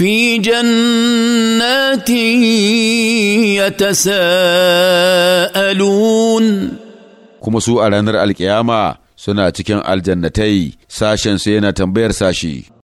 ya ta يتساءلون kuma su a ranar alkiyama suna cikin aljannatai sashensu yana tambayar sashi